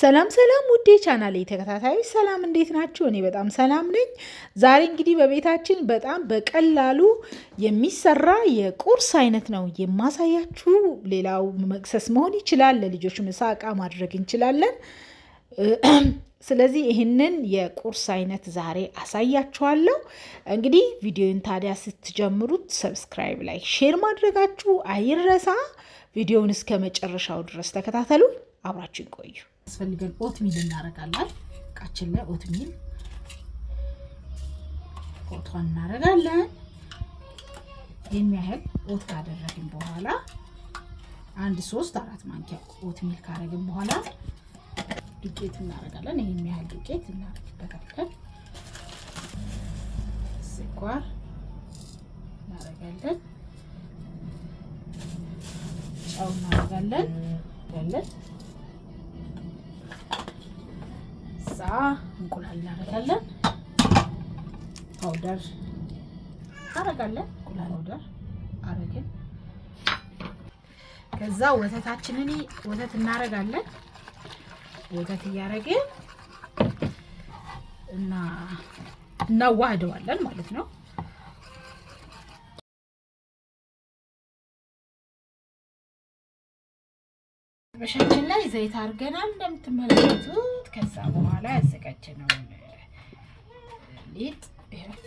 ሰላም ሰላም ውዴ ቻናል ተከታታዮች ሰላም እንዴት ናችሁ? እኔ በጣም ሰላም ነኝ። ዛሬ እንግዲህ በቤታችን በጣም በቀላሉ የሚሰራ የቁርስ አይነት ነው የማሳያችሁ። ሌላው መቅሰስ መሆን ይችላል፣ ለልጆች ምሳ እቃ ማድረግ እንችላለን። ስለዚህ ይህንን የቁርስ አይነት ዛሬ አሳያችኋለሁ። እንግዲህ ቪዲዮን ታዲያ ስትጀምሩት ሰብስክራይብ፣ ላይክ፣ ሼር ማድረጋችሁ አይረሳ። ቪዲዮውን እስከ መጨረሻው ድረስ ተከታተሉ። አብራችን ቆዩ። ያስፈልገን ኦትሚል እናደርጋለን። እቃችን ላይ ኦትሚል ኦቷን እናደርጋለን። የሚያህል ኦት ካደረግን በኋላ አንድ ሶስት አራት ማንኪያ ኦትሚል ካደረግን በኋላ ዱቄት እናደርጋለን። ይህ የሚያህል ዱቄት እናደርግበታለን። ስኳር እናደርጋለን። ጨው እናደርጋለን። እንቁላል እናደርጋለን። ፓውደር እናደርጋለን። እንቁላል ፓውደር አረግን። ከዛ ወተታችንን ወተት እናደርጋለን። ወተት እያደረግን እና እናዋህደዋለን ማለት ነው። በሻችን ላይ ዘይት አድርገናል እንደምትመለከቱት። ከዛ በኋላ ያዘጋጀነውን ሊጥ ይኸው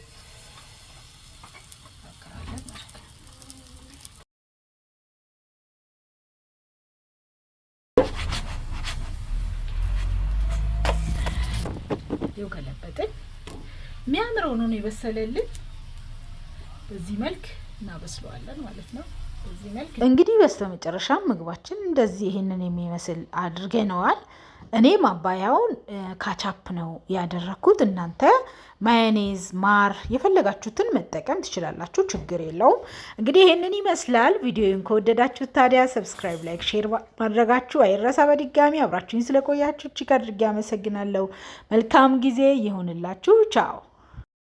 ገለበጥን። የሚያምረው ነው የበሰለልን። በዚህ መልክ እናበስለዋለን ማለት ነው። እንግዲህ በስተመጨረሻም ምግባችን እንደዚህ ይህንን የሚመስል አድርገነዋል። እኔ ማባያውን ካቻፕ ነው ያደረግኩት። እናንተ ማዮኔዝ፣ ማር የፈለጋችሁትን መጠቀም ትችላላችሁ፣ ችግር የለውም። እንግዲህ ይህንን ይመስላል። ቪዲዮውን ከወደዳችሁት ታዲያ ሰብስክራይብ፣ ላይክ፣ ሼር ማድረጋችሁ አይረሳ። በድጋሚ አብራችሁኝ ስለቆያችሁ እጅግ አድርጌ አመሰግናለሁ። መልካም ጊዜ ይሁንላችሁ። ቻው